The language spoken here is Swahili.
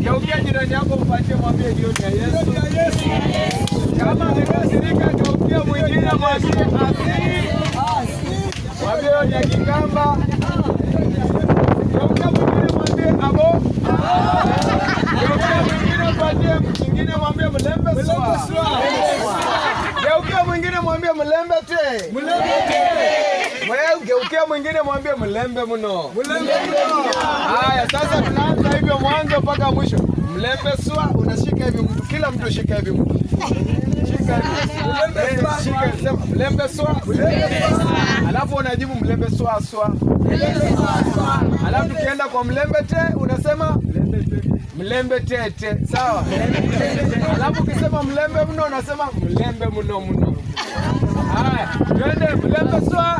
Geukia jirani yako upatie, mwambie jioni ya Yesu. Kama amekasirika, geukia mwingine, mwambie asili, mwambie ya Kikamba. Geukia mwingine, mwambie abo. Geukia mwingine, upatie mwingine, mwambie mlembe swa. Geukia mwingine, mwambie mlembe te. Geukia mwingine, mwambie mlembe mno. Haya, sasa tunaanza hivyo mwanzo mpaka mwisho. mlembe swa unashika hivi mtu, kila mtu shika hivi mtu. Shika shika, sema swa. alafu unajibu mlembe swa, alafu tukienda kwa te unasema mlembe tete, sawa. Alafu ukisema mlembe mno unasema mlembe mno mno. Haya, twende swa.